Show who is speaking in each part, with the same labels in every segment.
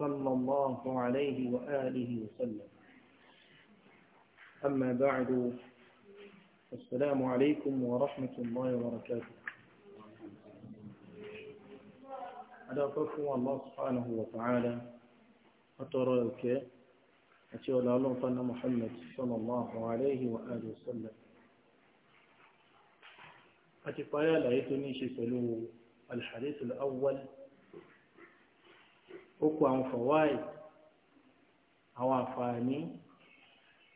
Speaker 1: صلى الله عليه وآله وسلم أما بعد السلام عليكم ورحمة الله وبركاته على أدعوكم الله سبحانه وتعالى أترك أتيول الله فأنا محمد صلى الله عليه وآله وسلم أتفايا لا يتنيش الحديث الأول ó kó àwọn fọwáì àwọn àǹfààní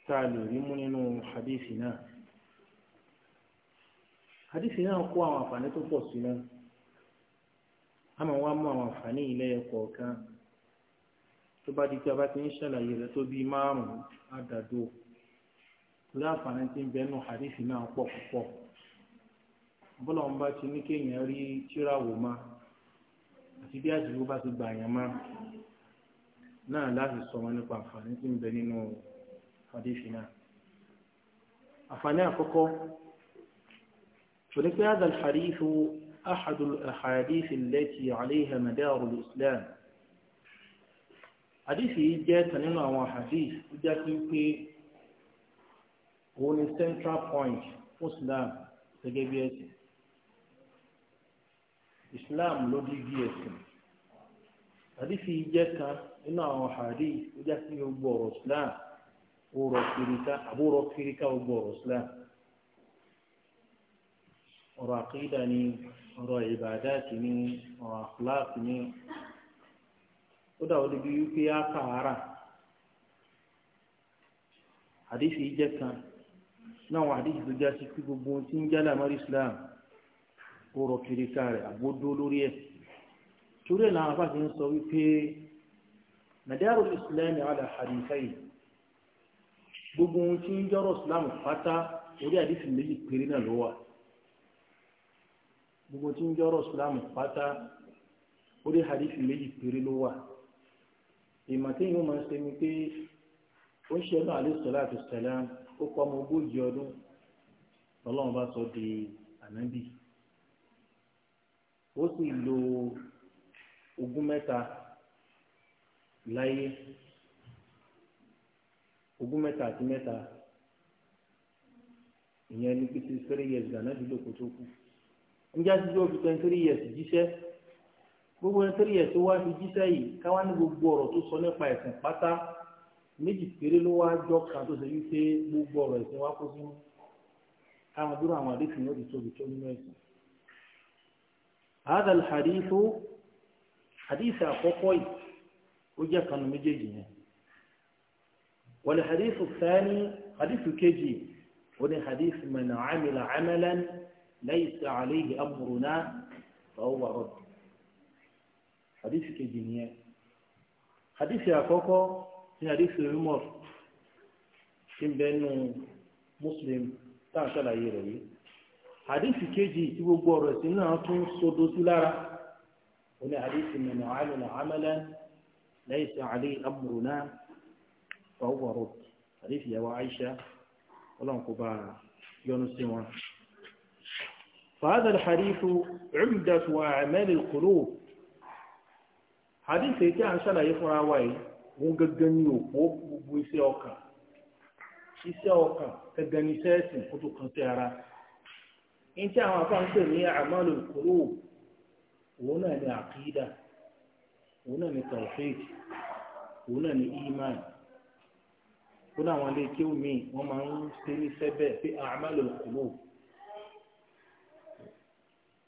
Speaker 1: tá a lè rí mú nínú hadisi náà hadisi náà kó àwọn àǹfààní tó pọ̀ sí náà àmọ́ wọ́n á mú àwọn àǹfààní ilé ẹ̀kọ́ kan tó bá di pé a bá ti ń ṣàlàyé rẹ̀ tó bíi márùn-ún àdàdo torí àǹfààní tí ń bẹ nù náà pọ̀ púpọ̀ bọ́lá ti ní kéèyàn rí tíráwò àti bí àjùlọ bá ti gbà yàn máa náà láti sọ wọn nípa àǹfààní tí ń bẹ nínú àdéhùn náà àǹfààní àkọ́kọ́ فلك هذا الحديث أحد الأحاديث التي عليها مدار الإسلام حديث جاءت لنا وحديث جاءت في هو central point Islam gẹ́gẹ́ bí ẹ̀sìn islam ló di bí ẹ̀sìn àdìsí jẹ́ kan nínú àwọn àrí ó já sí gbogbo ọ̀rọ̀ islam ó rọ kiri ká àbúrò kiri ká gbogbo ọ̀rọ̀ islam ọ̀rọ̀ àkídà ni ọ̀rọ̀ ìbàdáàtì ni ọ̀rọ̀ àkùláàkì ni ó dà ó bí wípé á kàárà àdìsí jẹ́ kan náà àdìsí tó já sí pé gbogbo ohun tí ń jálè àmọ́ islam. ó rọ kiri ká rẹ̀ àbódó lórí ẹ̀ na ẹ̀ náà ń sọ wípé madaru islam ala gbogbo ohun tí ń jọrọ islam pátá orí àdìsí méjì péré gbogbo tí ń jọrọ islam pátá orí àdìsí méjì péré ló wà ìmọ̀tí yìí ó máa ṣe ni pé ó ń ṣe ọdún sọ di ànábì. ó sì lo ogún mẹ́ta láyé ogún mẹ́ta àti mẹ́ta ìyẹn ní pété three years gànà dúró kó tó kú níjà sí years jíṣẹ́ gbogbo twenty years tó wá fi jíṣẹ́ yìí káwá gbogbo ọ̀rọ̀ tó sọ nípa ẹ̀sìn pátá méjì péré ló wá jọ kan tó gbogbo ọ̀rọ̀ ẹ̀sìn wá kó sínú káwọn dúró àwọn àdéhùn yóò tóbi tó nínú هذا الحديث حديث أخوكوي وجاك كان مجيجي والحديث الثاني حديث كيجي وده حديث من عمل عملا ليس عليه أمرنا فهو رد حديث كيجي حديث أخوكو حديث عمر كم بينه مسلم تعشى العيرة hadisi kejì tí gbogbo ọ̀rọ̀ ẹ̀sìn náà tún sodo sí lára ó ní hadisi mẹ́nu àlùnà àmàlẹ́ lẹ́yìn sí àlẹ́ amúrúnà fọwọ́rọ̀ hadisi yẹwà Aisha ọlọ́run kò bá yọ́nú sí wọn. فهذا الحديث عمدة وأعمال القلوب hadith tí a ń ṣàlàyé fúnra wa yìí wọn gangan ní òpó gbogbo iṣẹ́ ọkàn iṣẹ́ ọkàn ní tí àwọn afáǹpẹ ní àmàlù kúrò òun náà ní àkídà òun náà ní tawhid òun náà ní iman òun náà wọn omi wọn máa ń ṣe ní sẹbẹ pé àmàlù kúrò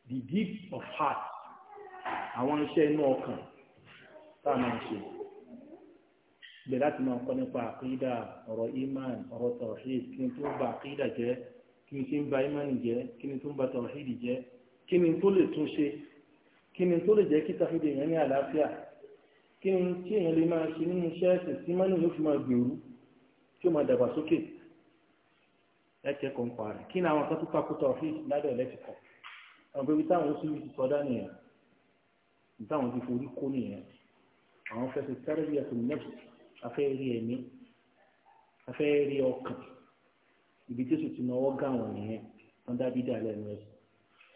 Speaker 1: the deep of heart àwọn iṣẹ́ inú ọkàn tá a máa ṣe bẹ̀rẹ̀ láti máa kọ́ nípa àkídà ọ̀rọ̀ iman ọ̀rọ̀ tawhid kí n tó ba àkídà jẹ́ kí ni tí ń ba imani jẹ́ kí ni tó ń ba tawhidi jẹ́ kí ni tó lè tún ṣe kí ni tó lè jẹ́ kí tawhidi èèyàn ní àlàáfíà kí ni tí èèyàn lè máa ṣe nínú iṣẹ́ ẹ̀sìn tí imani yóò fi máa gbèrú tí ó máa dàgbà sókè ẹ̀kẹ́ kan pa rẹ̀ kí ni àwọn kan tó takò tawhidi ládọ̀ ẹ̀lẹ́tìkọ̀ àwọn bẹ́bí táwọn oṣù yìí ti sọdá nìyẹn táwọn ti forí kó nìyẹn àwọn fẹsẹ̀ tẹ́rẹ́ bí ẹ̀sìn nẹ́ẹ̀sì afẹ́ rí ẹ̀mí afẹ́ rí ọkàn ibi tí sùn ti náwó gà wọn nìyẹn wọn dá bídà lẹ́nu ẹ̀sìn.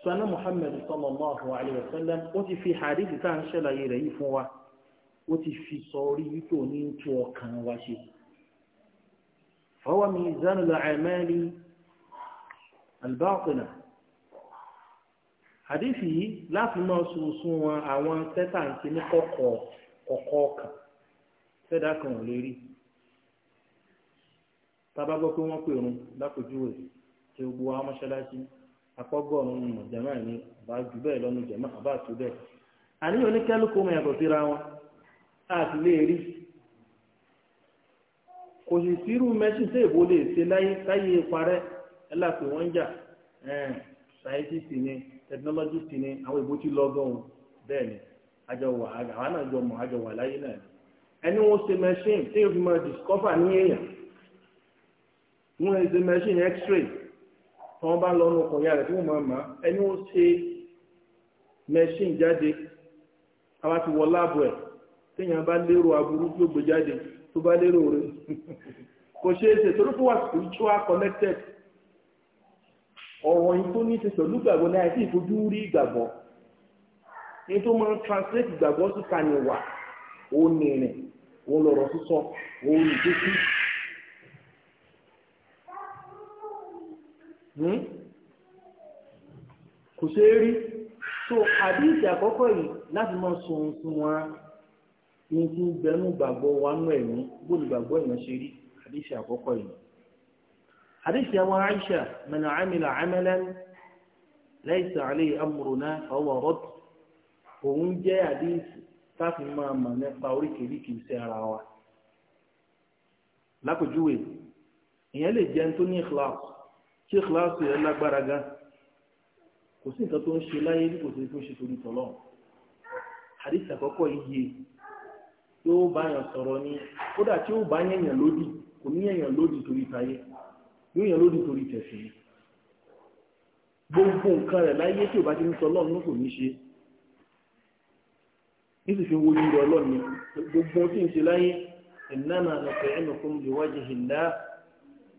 Speaker 1: sanna muhammed sallallahu alayhi wa sallam ó ti fi hadith tá à ń ṣàlàyé rẹ̀ yìí fún wa ó ti fi sọ orí wípé òní ń tú ọkàn wa ṣe. fawa mizanul a'mali al-batina hadith yìí láti máa sunsun wọn àwọn tẹ́tà ń ti ní kọ̀kọ̀ kọ̀kọ̀ kan fẹ́dà kan ò lè rí. tábà gbọ́ pé wọ́n pè òun lápòjúwe tí gbogbo wa mọ́ṣáláṣí akọ́gọ́rùn ún jàmáà ní àbá jù bẹ́ẹ̀ lọ́nu jàmáà àbá àti bẹ́ẹ̀. àníyàn oníkálukú mọ̀ yàtọ̀ síra wọn àti lè rí kò sì sírú mẹ́sìn tí èbó lè ṣe láyé káyé parẹ́ ẹ láti wọ́n ń jà ni tẹkinọ́lọ́jìsì ni àwọn èbó ti lọ́gọ́rùn bẹ́ẹ̀ ni àjọ wà wọ́n lè ṣe machine x-ray tí wọ́n bá lọ nu ọkọ̀ ìyá rẹ̀ tí wọ́n máa mọ̀ ẹni ó ṣe machine jáde àwa ti wọ láàbù ẹ̀ téèyàn bá lérò aburú tí ó gbé jáde tó bá lérò rẹ̀ kò ṣeé ṣe torí fún wa spiritual connected ọ̀rọ̀ yìí tó ní ṣe pẹ̀lú ìgbàgbọ́ náà àti ìfojú rí ìgbàgbọ́ ní tó máa ń translate ìgbàgbọ́ sí kaniwà òun nìrìn òun lọ̀rọ̀ sísọ òun ìdíkú Hmm? kò ṣe é rí so àdéhìsì àkọ́kọ́ yìí láti máa ohun sun ní bẹnu gbàgbọ́ wa nú ẹ̀mí bó ni gbàgbọ́ ẹ̀mí ṣe rí àdéhìsì àkọ́kọ́ yìí àwọn Aisha man amila amalan laysa alayhi amruna fahuwa radd òun jẹ́ àdéhìsì káfí máa mọ̀ nípa oríkèéríkèé ara wa lápèjúwe ìyẹn lè ṣé kíláàsì ẹ lágbára gan kò sí nǹkan tó ń ṣe láyé bí kò sí tó ń ṣe torí tọ̀lọ́ hadith àkọ́kọ́ iye yóò bá yàn sọ̀rọ̀ ni kódà tí ó bá yẹ̀yàn lódì kò ní yẹ̀yàn lódì torí tayé yóò yẹ̀yàn lódì torí tẹ̀sí gbogbo nǹkan rẹ̀ láyé tí ò bá ti ń sọ ọlọ́run ló kò ní ṣe nítorí fi wojú rẹ̀ ọlọ́run gbogbo tí ń ṣe láyé innama nut'imukum liwajhi Allah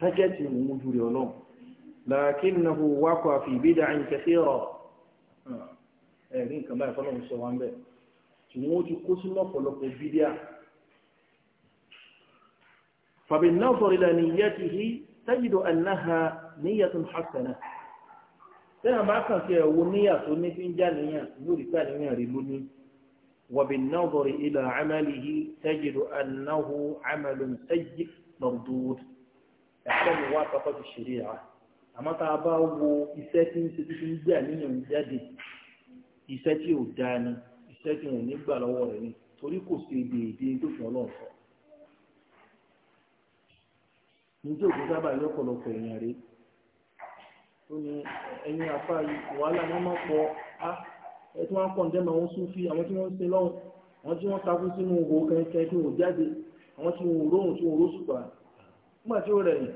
Speaker 1: تجتي موجود يوم لكنه وقع في بدع كثيرة لكن كما يفعلون السوان به تموت قسمة فلقوا بدع فبالنظر إلى نيته تجد أنها نية حسنة تنا ما كان في ونية سنة في جانية يوري تاني ريبوني وبالنظر إلى عمله تجد أنه عمل سيء مردود ẹ̀kọ́ mi wá tọkọ ti ṣeré ra àmọ́ tá a bá wo iṣẹ́ tí ń ṣe tí ń gbé àníyàn jáde iṣẹ́ tí ò dáa ni iṣẹ́ tí wọn ò ní gbà lọ́wọ́ rẹ̀ ni torí kò ṣe èdèèdè tó fi ọlọ́run sọ. níjẹ́ òkú sábà yọ ọ̀pọ̀lọpọ̀ èèyàn rèé ó ní ẹ̀yin àfa wàhálà wọn máa pọ̀ á ẹ tí wọ́n pọ̀ ní dẹ́mọ̀ àwọn súnfì àwọn tí wọ́n ń sin lọ́hùn àwọn tí wọ́n takú sínú òwò kẹ́kẹ́ tí wọ́n jáde àwọn tí wọ́n rọrùn tí wọ́n rọ́ṣùpá nígbà tí ó rẹ̀ yìí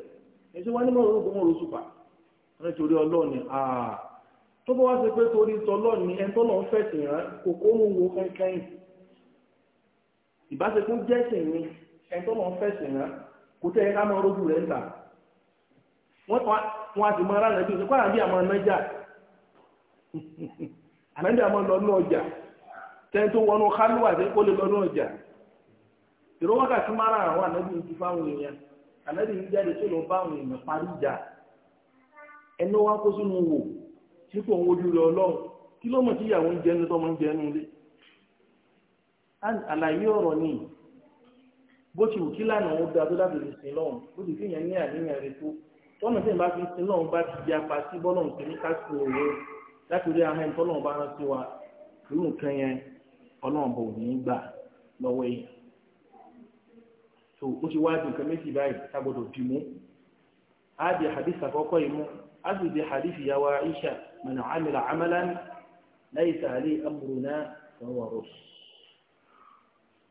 Speaker 1: èsì wọn ní orúkọ wọn ni tó bá wá ṣe pé torí tọlọ́ọ̀ ni ẹni fẹ̀sìn rán kòkó ń wo kẹ́kẹ́yìn ìbáṣepọ̀ jẹ́sìn ni ẹni tó fẹ̀sìn rán kò tẹ́ ẹ ká mọ rẹ̀ wọ́n sì mọ ara rẹ̀ bí àmọ́ àmọ́ ọjà tẹ́ni tó wọnú kó lè ọjà ìrọ́wọ́kà mara àwọn ànábì ń jáde tó lọ bá àwọn èèyàn parí ìjà ẹnu wa kó sínú wò tí kò ń wojú rẹ ọlọ́run kí ló mọ̀ tí ìyàwó ń jẹnu tó mọ̀ ń jẹnu lé àlàyé ọ̀rọ̀ ni bó ti wù kí lánàá ó da tó dábìlì sí lọ́run bó ti fi yẹn ní àníyàn rẹ tó tọ́nà tí ìbá fi sin lọ́run bá ti di apá sí bọ́lọ̀ nǹkan ní kásìkò òwe láti rí ahọ́n tọ́lọ́run bá rán wa nínú nǹkan yẹn ọlọ́run bò ní í gbà lọ́wọ́ èèyàn so ó ti wá di nǹkan méjì báyìí tá gbọdọ̀ dì mú á di hadith àkọ́kọ́ yìí mú á sì di hadith ìyàwó Aisha man amila amalan laysa alayhi amruna fa huwa radd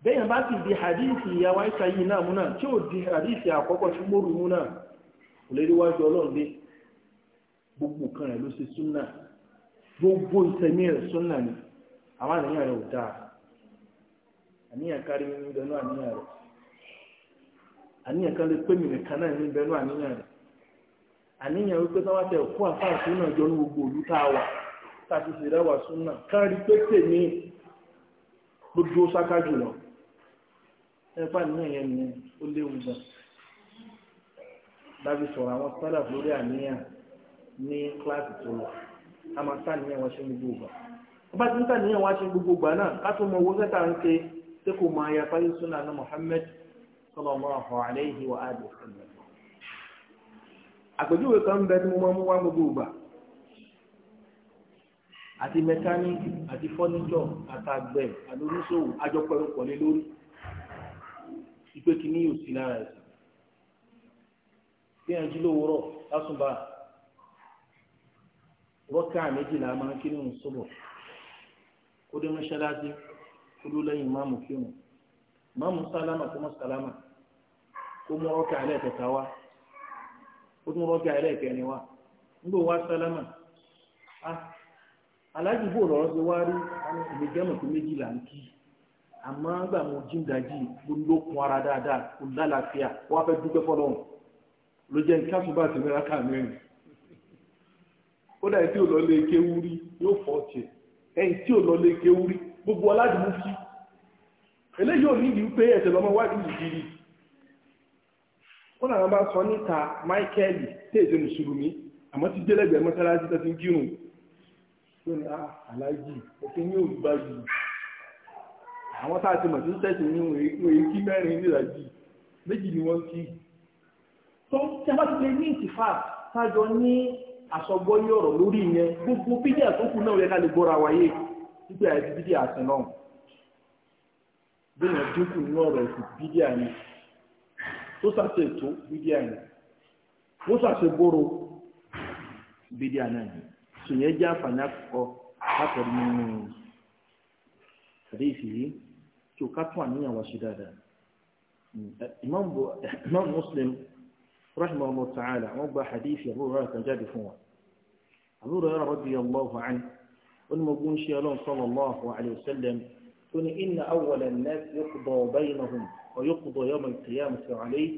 Speaker 1: bẹ́yàn bá ti di hadithi ìyàwó Aisha yìí náà múnà tí ó di hadithi àkọ́kọ́ tí mórù múnà kò lè rí wájú ọlọ́run gbogbo kan rẹ̀ ló ṣe súnà gbogbo ìsẹ̀mí rẹ̀ súnà ni àwọn àníyàn rẹ̀ ò dáa àníyàn kárí nínú ìdáná àníyàn rẹ̀ àníyàn kan lè pé mi nìkan náà ní bẹnu àníyàn rẹ̀ àníyàn wípé tí wọ́n tẹ òkú àfáà súnà jọ ní gbogbo òlú tá a wà tá a ti sì rẹwà súnà kárí pé tèmi ló dúró sáká jùlọ ẹ̀fà àníyàn yẹn ni ó léwu gan dábì sọ̀rọ̀ àwọn sọ́dà lórí àníyàn ní kíláàsì tó lọ a máa ká àníyàn wọn ṣe gbogbo ìgbà wọ́n bá ti ń ká àníyàn wọn ṣe gbogbo ìgbà náà ká tó mọ owó sẹ́ta ń ṣe tí kò máa yapa yìí súnà Muhammad sallallahu alayhi wa alihi wa sallam àpèjúwe kan bẹ tí mo máa ń wá gbogbo ìgbà àti mẹkáníìkì àti fọ́níṣọ̀ àtàgbẹ̀ àlóníṣòwò àjọpẹ̀rọpọ̀ lé lórí ìpè kìíní yóò sí lára ẹ̀sìn bí lásùnbà méjìlá máa ń sọ́bọ̀ mọ́ṣáláṣí lẹ́yìn máàmù kírun máàmù sálámà kó mọ́ sálámà. ó mú tún rọ́kà ẹlẹ́ẹ̀kẹrin wá nígbà wá sálámà á bò lọ́rọ́ ti wá rí èmi jẹ́mọ̀ tó méjì là ń kí àmọ́ gbà ló ara dáadáa kò lálàáfíà fẹ́ dúpẹ́ ló jẹ́ bá ti mẹ́ra mẹ́rin tí ò lọ lé kéwúrí yóò fọ́ tiẹ̀ ẹ̀yìn tí ò lọ lé kéwúrí gbogbo aládùúgbò eléyìí ò ní pé ẹ̀sẹ̀ lọ́mọ wájú wọn làwọn bá sọ níta Michael tèèzé mùsùlùmí àmọ́ ti délẹ́gbẹ̀ẹ́ mọ́sálásí tó ti ń kírun tó ní ah, aláàjì òfin yóò gbà yìí àwọn tá a ti mọ̀ tí ń tẹ̀sí ní wọ́n èyí kí mẹ́rin nílàjì méjì ni wọ́n kí tó tí a bá ti lè ní ìtìfà sájọ ní àsọgbọ́ yí ọ̀rọ̀ lórí ìyẹn gbogbo bídíà tó kù náà yẹ ká lè gbọ́ra wáyé nígbà yẹn ti bídíà àtẹ̀ náà bí wọ́n dínkù nínú ọ̀rọ̀ ẹ̀sìn bídíà ni tó ṣàṣe ètò bídíà ni wọ́n ṣàṣe gbòòrò bídíà náà ni sòyẹ́ jẹ́ àǹfààní àkọ́kọ́ látọ̀rí nínú àdéhìsì yìí tó ká tún àníyàn wá sí dáadáa imam muslim rahimahullah ta'ala wọ́n gba àdéhìsì àbúrò rẹ̀ kan jáde fún wa àbúrò rẹ̀ radiyallahu anhu ó ní mo gún ṣe ọlọ́run sallallahu alayhi wa sallam tó ní inna awwala an-nas yuqda baynahum ويقضى يوم القيامة عليه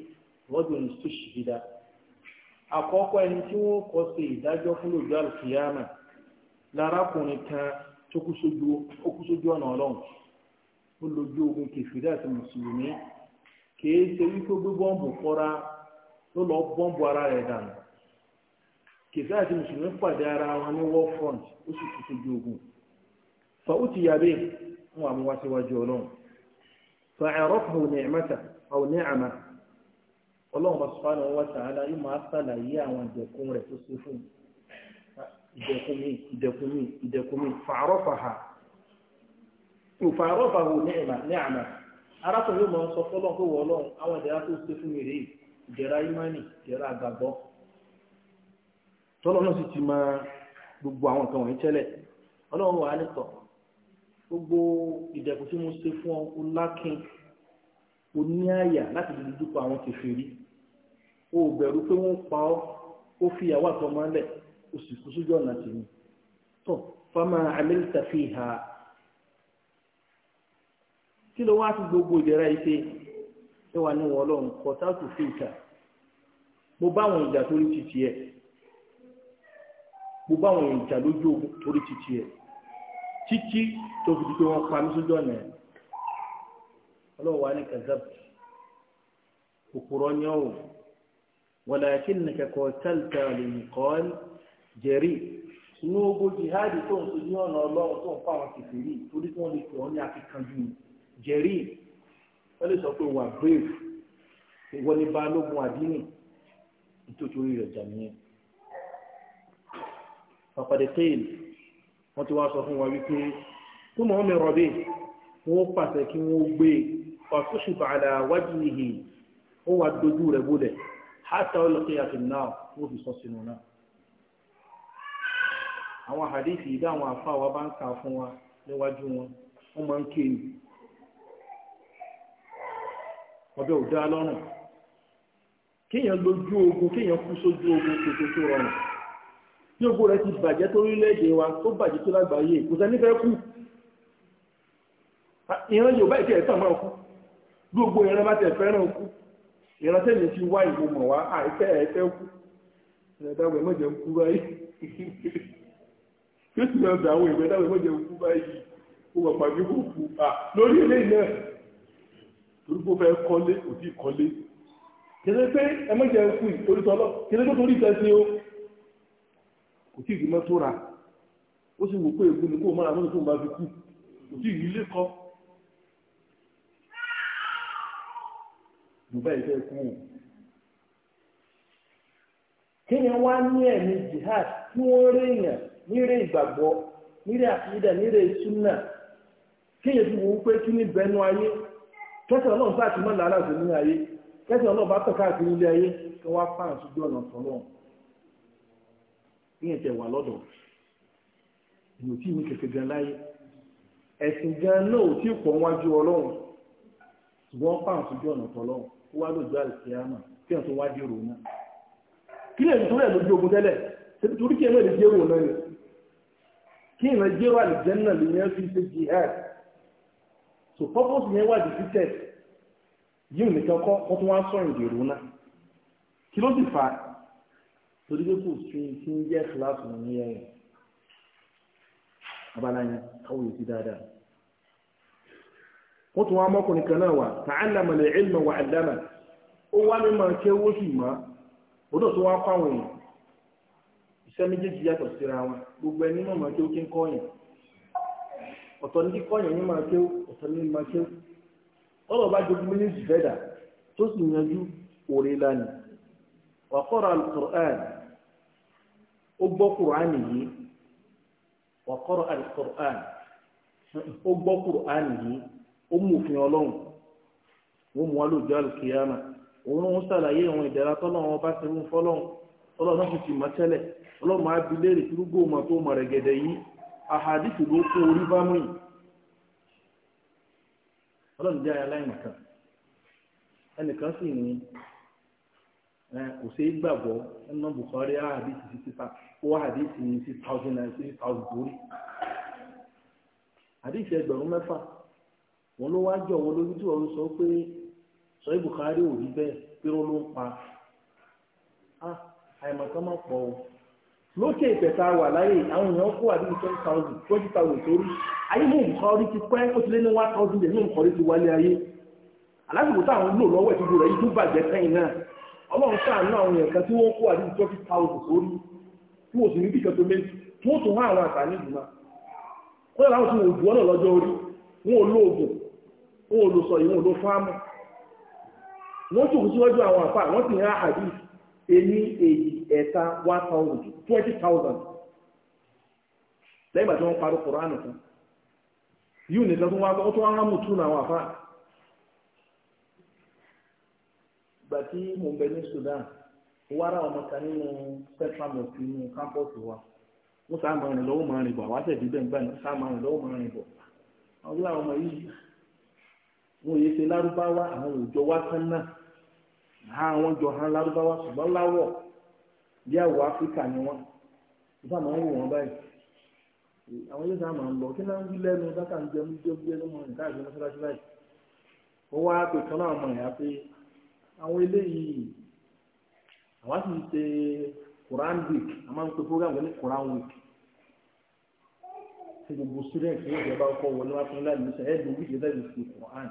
Speaker 1: رجل استشهد àkọ́kọ́ ẹni tí wọ́n kọ́ sí ìdájọ́ fún lójú alkiyama lárákùnrin kan tó kú sójú ọ̀nà ọlọ́run ó lójú ogun kẹfìrí àti mùsùlùmí kìí ṣe wípé gbé bọ́ǹbù fọ́ra ló lọ bọ́ǹbù ara rẹ̀ dànù kẹfìrí àti mùsùlùmí pàdé ara wọn ní war front ó sì kú sójú ogun fa ó ti yàgbé wọn àmúwá síwájú ọlọ́run fàárọ̀fù nìyàmẹ́ta àwọn nìyàmẹ́ ọlọ́run bá sọ́kànà wọ́n sàálà yóò máa sàlàyé àwọn ìdẹ̀kùn rẹ̀ tó ṣe fún ìdẹ̀kùn mi ìdẹ̀kùn mi ìdẹ̀kùn mi ha fàárọ̀fà hù nìyàmẹ́ sọ fọlọ́n pé wọ́n gbogbo ìdẹ̀kùn tí mo ṣe fún ọ o lákin o ní àyà láti lè dúpọ̀ àwọn kèfèrí o ò bẹ̀rù pé wọ́n pa ọ́ ó fi ìyàwó àtọmọ lẹ̀ o sì kú sójú ọ̀nà tèmi tó fama amẹ́ríkà fi hà kí ló wá sí gbogbo ìdẹ̀ra yìí ṣe ẹ wà ní wọn ọlọ́run kọ́tà tó fi ìta mo bá àwọn ìjà torí títì ẹ mo bá àwọn ìjà lójú ogun torí títì ẹ títí tó fi di pé wọ́n pa mí sójú ọ̀nà ẹ̀ ọlọ́wọ́ wa ní kazab òpùrọ̀ ni ọ̀wọ̀ walakinnaka qatalta liqal jẹ̀rí inú ogun jihadi tó ń sojú ọ̀nà ọlọ́run tó ń pa àwọn kìfìrí torí tí wọ́n lè pè ní akíkanjú jẹ̀rí wọ́n lè sọ pé wà brave ìwọ ni balógun àdínì nítorí rẹ̀ jà pàpàdé tẹ́lẹ̀. wọ́n ti wá sọ fún wa wípé tó mọ̀ ọ́n mẹ́rọ pàṣẹ kí wọ́n gbé e. bàdà wájú ó wà dojú rẹ̀ bólẹ̀ hátà ọlọ́kẹ́ àti náà ó fi sọ sínú náà. àwọn àdéhìí ìdá àwọn wa bá ń kà fún wa níwájú wọn wọ́n máa ń ké ọbẹ̀ ò dá kéèyàn lójú ogun kéèyàn kú tí ògbó rẹ̀ ti bàjẹ́ tó orílẹ̀-èdè wa tó bàjẹ́ tó lágbàáyé kò sẹ́ni fẹ́ kú ìran yorùbá ìtẹ́ ẹ̀sán máa kú gbogbo ìran bá tẹ̀ fẹ́ràn kú ìran tẹ̀lé ti wá ìbò mọ̀ wá àìfẹ́ ẹ̀fẹ́ kú ẹ̀dáwẹ̀ mọ̀jẹ̀ ń kú báyìí yóò sì lọ́ọ́ dàwọn ìwé ẹ̀dáwẹ̀ mọ̀jẹ̀ ń kú báyìí kó wà pàdé kó kú à lórí ilé náà torí fẹ́ kọ́lé kò kọ́lé kí pé ẹ̀mọ́jẹ̀ ń tí ìrí mọ́tò ra ó sì wò pé ègún ni kó mọ́ra tó ń bá fi kú ilé kọ́ fẹ́ kú o kéèyàn wá ní ẹ̀mí jihad tí wọ́n rí èèyàn nírè ìgbàgbọ́ nírè àfihàn nírè súnà kéèyàn fi wò ó pé kí bẹnu ayé kẹsàn ayé kẹsàn ní ẹ̀jẹ̀ wà lọ́dọ̀ ìlú tí mi kẹ̀kẹ́ gan láyé ẹ̀sìn gan náà ò tí ì pọ̀ wájú ọlọ́run ṣùgbọ́n pàm sójú ọ̀nà tọ́lọ́run ó wá lójú àlùkìyàmà kí ẹ̀ tó wá di rò náà kí lè nítorí ẹ̀ lójú ogun tẹ́lẹ̀ torí kí ẹ̀ náà lè jẹ́rò náà ni kí ìran jẹ́rò àlùjẹ́ náà lè yẹn fi ṣe jihad so purpose yẹn wà defeated yìí nìkan kọ́ wọ́n tún wá sọ̀rọ̀ ìdèrò náà kí ló sì fà á torí pé kò sí tí ń jẹ́ kíláàsì ní ẹ̀yìn abala yẹn yìí ti dáadáa. wọ́n tún wá kan náà wà ilma wa 'allama ó wá ní máa ké owó sì má odò tó wá kọ́ àwọn èèyàn iṣẹ́ méjèèjì yàtọ̀ síra wọn gbogbo ẹni náà máa ké ó kí ń kọ́ yẹn ọ̀tọ̀ ní kíkọ́ yẹn ní máa ó ọ̀tọ̀ ní máa al ó gbọ́ kùránì yìí wà kọ́rọ̀ àlùkùránì ó gbọ́ kùránì yìí ó mú òfin ọlọ́run wọ́n mú alójú alùkìyàmà òun ló ń ṣàlàyé àwọn ìdára tọ́lọ́run ọba ti rún fọ́lọ́run tọ́lọ́run náà sì ti mọ̀ tẹ́lẹ̀ ọlọ́run á bi léèrè irúgbó ọmọ tó mọ̀ yìí àhàdìsì ló kó orí bá mú kò ṣeé gbàgbọ́ ẹnu Bukhari ahadisi sixty five ó ahadisi ní six thousand and six thousand torí ahadisi ẹgbẹ̀rún mẹ́fà wọn ló wáá jọ wọn lórí tí wọn sọ pé sọ Bukhari ò rí bẹ́ẹ̀ pé ó ló ń pa àìmọ̀kan máa pọ̀ o lókè ìfẹ̀ta wà láyé àwọn èèyàn kó àdúgbò twenty thousand twenty thousand torí ayé mú Bukhari ti pẹ́ ó ti lé ní one thousand ẹ̀ ní Bukhari ti wálé ayé alásìkò táwọn ń lò lọ́wọ́ ìdúgbò rẹ̀ yìí tó bàjẹ́ kẹ́yìn náà. ọlọ́run sáà a àwọn èèyàn kan tí wọ́n kó àdúgbò twenty thousand sórí tí wọ́n sì ní bìkan tó méjì tí wọ́n tún há àwọn àtà ní wọ́n láwọn tí wọ́n jù lọ́jọ́ orí sọ fáàmù wọ́n kù síwájú àwọn wọ́n àdí èyí ẹ̀ta twenty thousand lẹ́yìn wọ́n parí kùránù fún yìí ìgbà tí mo ń bẹ ní Sudan wàrà ọmọ kan nínú central mosque nínú kámpọ́ọ̀sì wa mo sá máa rìn lọ́wọ́ máa rìn bọ̀ àwọn àtẹ̀bí bẹ́ẹ̀ gbà sá máa rìn lọ́wọ́ máa rìn bọ̀ àwọn ìlànà ọmọ yìí wọn yéé ṣe lárúbáwá àwọn òòjọ́ wá kán náà àwọn jọ hàn lárúbáwá ṣùgbọ́n láwọ̀ bí àwọ̀ áfíríkà ni wọ́n ìfá máa ń wò wọ́n báyìí àwọn yóò sá máa ń lọ kí náà ń wí lẹ́nu dákà ń jẹun jẹun jẹun mọ́ nǹkan àti mọ́ṣáláṣí báyìí ó wá pè kan náà mọ̀ ẹ̀yà àwọn eléyìí àwa sì ń ṣe Quran week a máa ń pe program ní Quran week ṣe gbogbo student ní ìjọba ọkọ wọn ní wọn fún láàyè ṣe ẹ̀ẹ́dùn wíìkì ẹ̀dá ìṣe Quran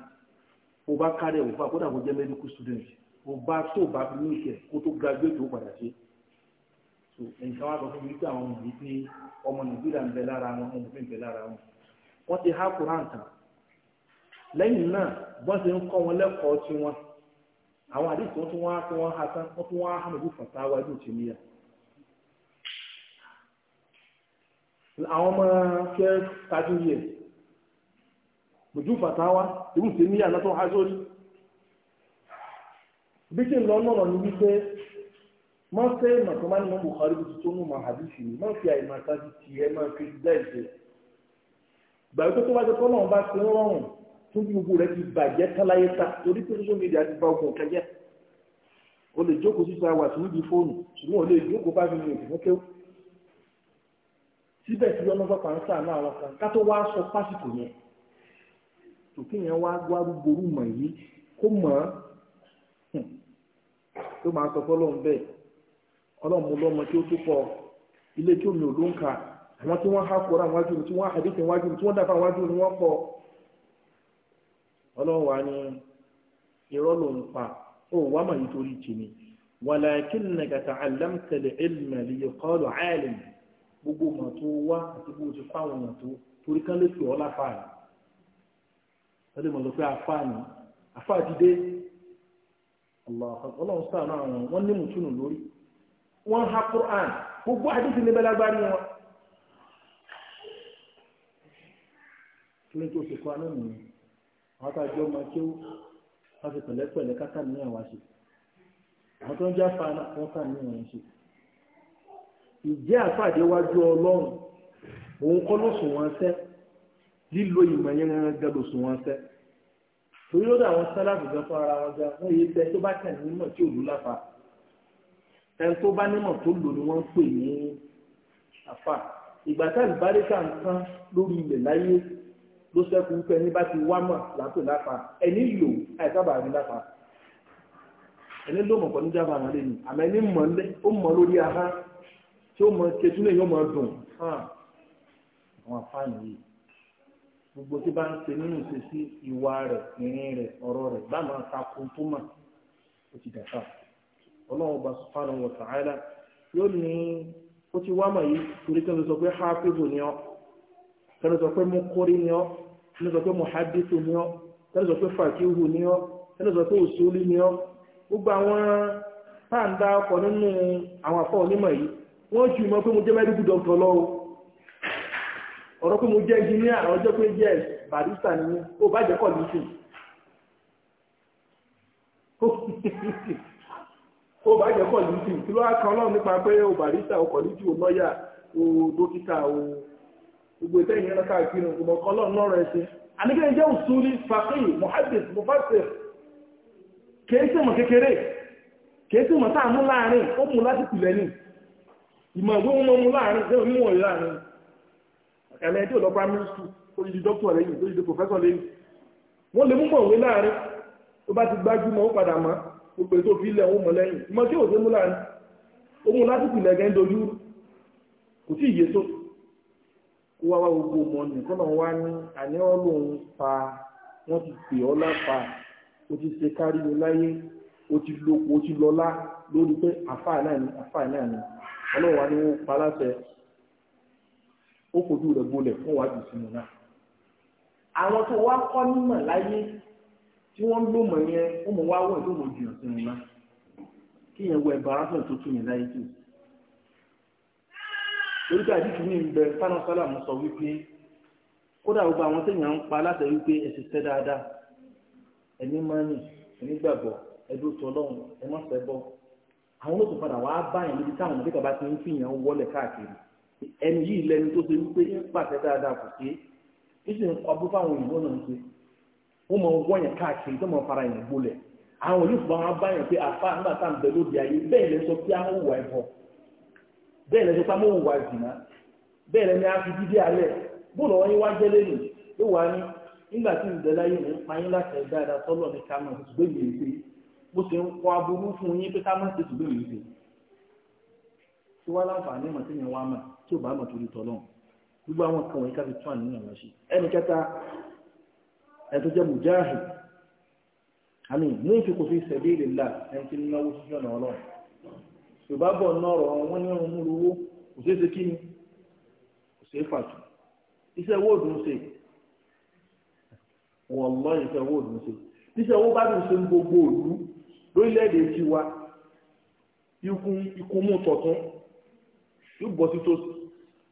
Speaker 1: ó bá kárẹ̀ òfà kódà kó jẹ́ medical student ó bá tó bá fi ní ìkẹ́ kó tó graduate ó padà ṣe so nǹkan wá sọ fún mi pé àwọn ọmọ yìí pé ọmọ Nàìjíríà ń bẹ lára wọn ọmọ òfin ń bẹ lára wọn wọ́n ti há Quran tán lẹ́yìn náà bọ́n ń kọ́ wọn lẹ́kọ̀ọ́ tí wọ́n àwọn àdéhùn tó tún wá tó wọ́n ha tán wọ́n tún wá hàn ojú fún táwa ibi òtún níyà. àwọn ọmọ kẹ́ tajú yẹ ojú fún táwa ibi òtún níyà náà tó há sórí. bí kí n lọ náà ní wípé máa ń fẹ́ màtọ́má ní mọ́mú bí tuntun nù máa ni máa fi àyè màtá ti tiẹ̀ máa fi dá gbàgbé tó tó wájú kọ́ náà bá ti rọrùn tóbi gbogbo rẹ̀ ti bàjẹ́ táláyé ta torí pé social media ti ba okùn kẹjẹ o lè jókòó sísá wà sí níbi fóònù ṣùgbọ́n o lè jókòó bá fi lè fún kéwù síbẹ̀ tí ọmọ bá pàrọ̀ sáà náà wọn kan ká tó wá sọ pásítọ̀ yẹn tòkí yẹn wá wá gbogbo mọ̀ yìí kó mọ̀ ọ́n tó hmm. máa sọ fọlọ́run bẹ́ẹ̀ ọlọ́run mo lọ́mọ tí ó tó pọ̀ ilé tí omi ò ló ń kà àwọn tí wọ́n há kọ́ra wájú mi tí wọ́n há àdéhùn wájú mi tí wọ́n dàbà wájú mi wọ́n pọ̀ ọlọ́run wa irọ́ ló ń pa ó wà mà nítorí tèmi wàlàkín nàgàtà àlámtẹlẹ ya lèyẹ kọlù gbogbo mà tó wá àti bó ti fáwọn mà tó torí kán lè fi ọ láfa rẹ ọdún mọ̀ ló fẹ́ afá ni afá ti dé ọlọ́run sáà náà ní ha Qur'an gbogbo àdìsí wọn. kí ló àwọn tá a jọ máa kéwú fi pẹ̀lẹ́pẹ̀lẹ́ ká sàmì àwọn àṣẹ àwọn tó ń já fa wọn sàmì àwọn àṣẹ ìjẹ́ àpàdé wájú ọlọ́run òun kọ́ ló sùn wọn sẹ́ lílo ìmọ̀ yẹn gẹ́gẹ́ ló sùn wọn sẹ́ torí lọ́dọ̀ àwọn sálàbù gan fún ara wọn gan wọ́n yé bẹ́ẹ̀ tó bá tẹ̀ nímọ̀ tí ò láfa ẹni tó bá nímọ̀ tó lò ni wọ́n ń pè ní àfà ìgbà tá ìbáríkà ń lórí ilẹ̀ láyé ló sẹ́kù pé ẹni bá ti wá mọ̀ látò láfa ẹni lò àìsábà rí láfa ẹni ló mọ̀ pọ̀ ní jábà wọn lẹ́nu àmọ́ ẹni mọ̀ lẹ́ ó mọ̀ lórí aha tí ó mọ̀ kẹtù lẹ́yìn ó mọ̀ dùn hàn àwọn afáàní yìí gbogbo tí bá ń ṣe nínú ìṣesí ìwà rẹ̀ ìrìn rẹ̀ ọ̀rọ̀ rẹ̀ bá máa ta kó tó mà ó ti dàtà ọlọ́run ọba subhanahu wa ta'ala yóò ní ó ti wá mọ̀ yìí torí kí wọ́n sọ pé hápébù ni ọ́ kí wọ́n sọ pé mú kórí ni ọ́ ẹni sọ pé muhadisu ni ọ ẹni sọ pé fakihu ni ọ ẹni sọ pé usuli ni ọ gbogbo àwọn pàǹdà ọkọ̀ nínú àwọn afọ onímọ̀ yìí wọ́n jù mọ́ pé mo jẹ́ medical doctor lọ́wọ́ ọ̀rọ̀ pé mo jẹ́ engineer àwọn ọjọ́ pé yes barista ni mí ó bá jẹ́ condition ó bá jẹ́ condition kí ló wá kan lọ́rùn nípa pé ó barista ó condition ó lọ́ọ̀yà ó dókítà ó gbogbo ìtẹ́yìn ẹ̀rọ káàkiri ìmọ̀kan ọlọ́run lọ́rọ̀ ẹ̀sìn àníkẹ́ jẹ́ òṣùlì fàkìrì muhaddis mufassir kìí sí ìmọ̀ kékeré kìí sí ìmọ̀ táà mú láàrin ó mú láti tìlẹ̀ ní ìmọ̀ ìwé wọn mú láàrin lẹ́yìn mímọ̀ ìlú láàrin ẹ̀lẹ́ tí ò lọ primary school ó yí di doctor lẹ́yìn ó yí di professor lẹ́yìn wọ́n lè mú mọ̀ ìwé láàrin tó bá ti gbájú ó padà mọ́ gbogbo ètò fi ilẹ̀ ó mọ̀ lẹ́yìn wá wá gbogbo mọ nìkan náà wá ní àní ọlọ́run pa wọ́n ti pè ọ́ lápá o ti ṣe kárí mi láyé o ti lòpọ̀ o ti lọ́lá lórí pé àfáà náà ni àfáà náà ni ọlọ́run wá ní wọ́n pa láṣẹ ó fojú rẹ̀ gbolẹ̀ fún wàá jù sínú náà. àwọn tó wá kọ́ nímọ̀ láyé tí wọ́n ń lòmọ̀ yẹn ó mọ̀ wá wọ̀ tó mọ̀ jù sínú náà kí yẹn wọ ẹ̀bà arákùnrin tó tún yẹn láyé tì orí bá àdìsí ní ìbẹ fáná sálàmù sọ wípé kódà gbogbo àwọn téèyàn ń pa láti wípé ẹ ṣiṣẹ́ dáadáa ẹni mánì ẹni gbàgbọ́ ẹdún tó lọ́run ẹ má fẹ́ bọ́ àwọn olóòtú padà wàá báyìí níbi táwọn ọmọdé kaba ti ń fìyàn wọlé káàkiri ẹni yìí lẹni tó ṣe wípé ń pàṣẹ dáadáa kò ṣe é ṣe ń fáwọn òyìnbó náà ń ṣe wọ́n mọ wọ́nyẹn káàkiri tó mọ fara yẹn gbolẹ̀ àwọn olóòtú bẹ́ẹ̀ lẹ́sẹ̀ pamọ́ òwò wa jìnnà bẹ́ẹ̀ lẹ́ni a fi dídí alẹ̀ bóòlù ọ̀yìn wá jẹ́ lẹ́nu yóò wá ní nígbà tí ìdẹ láyé mi ń pa yín láti ẹ̀dá ẹ̀dá sọ́lọ̀ ní ká máa ṣùgbọ́n mi ṣe bó ṣe ń kọ́ aburú fún yín pé ká máa ṣe ṣùgbọ́n mi ṣe. tí wàá láǹfààní mọ̀ sínú wa mà tí ò bá mọ̀ torí tọ́lọ́ gbogbo àwọn kan wọ̀nyí ká fi tún àníyàn wọn ṣe. ẹnì kẹta ẹ tó jẹ́ mùjáàhì àmì ní ìfikùnfin sẹ̀dí ìlélà ẹni tí ń náwó síjọ́nà ọlọ́run yorùbá bọ̀ nọ̀rọ̀ wọn ní irun múlu owó kò ṣeé ṣe kí ni kò ṣeé fàtú iṣẹ́ owó òdùn ṣe wọ́n lọ iṣẹ́ owó òdùn ṣe iṣẹ́ owó bá dùn ṣe ń gbogbo òlú lórílẹ̀‐èdè tiwa ikun ikun mú tọ̀tún yóò bọ́ sí tòsí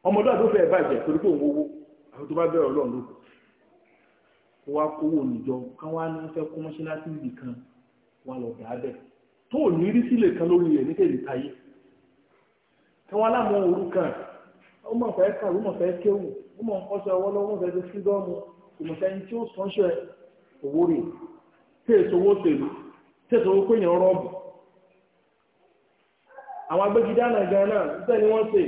Speaker 1: ọmọdé àdófẹ́ ẹ̀ bàjẹ́ torí pé òun owó àwọn tó bá bẹ̀rẹ̀ ọlọ́run lóko wọ́n wá kówó ònìjọ káwọn á ní fẹ́ kó mọ́ṣáláṣí nìkan wọ́n lọ dà bẹ́ẹ̀. tó ò ní rí sílẹ̀ kan lórí rẹ̀ ní tèlé tayé tí wọ́n aláàmọ́ orú kan ó mọ̀ fẹ́ kà ó mọ̀ fẹ́ kéwù ó mọ̀ ọ̀ṣọ́ ọwọ́ lọ́wọ́ fẹ́ fi fídọ́ọ̀mù kò mọ̀ tí ó sọ́nṣẹ́ owó rè tèèso owó tèlú tèèso owó pé yẹn rọ́ọ̀bù àwọn agbẹ́gidá náà gan náà níta ni wọ́n ṣe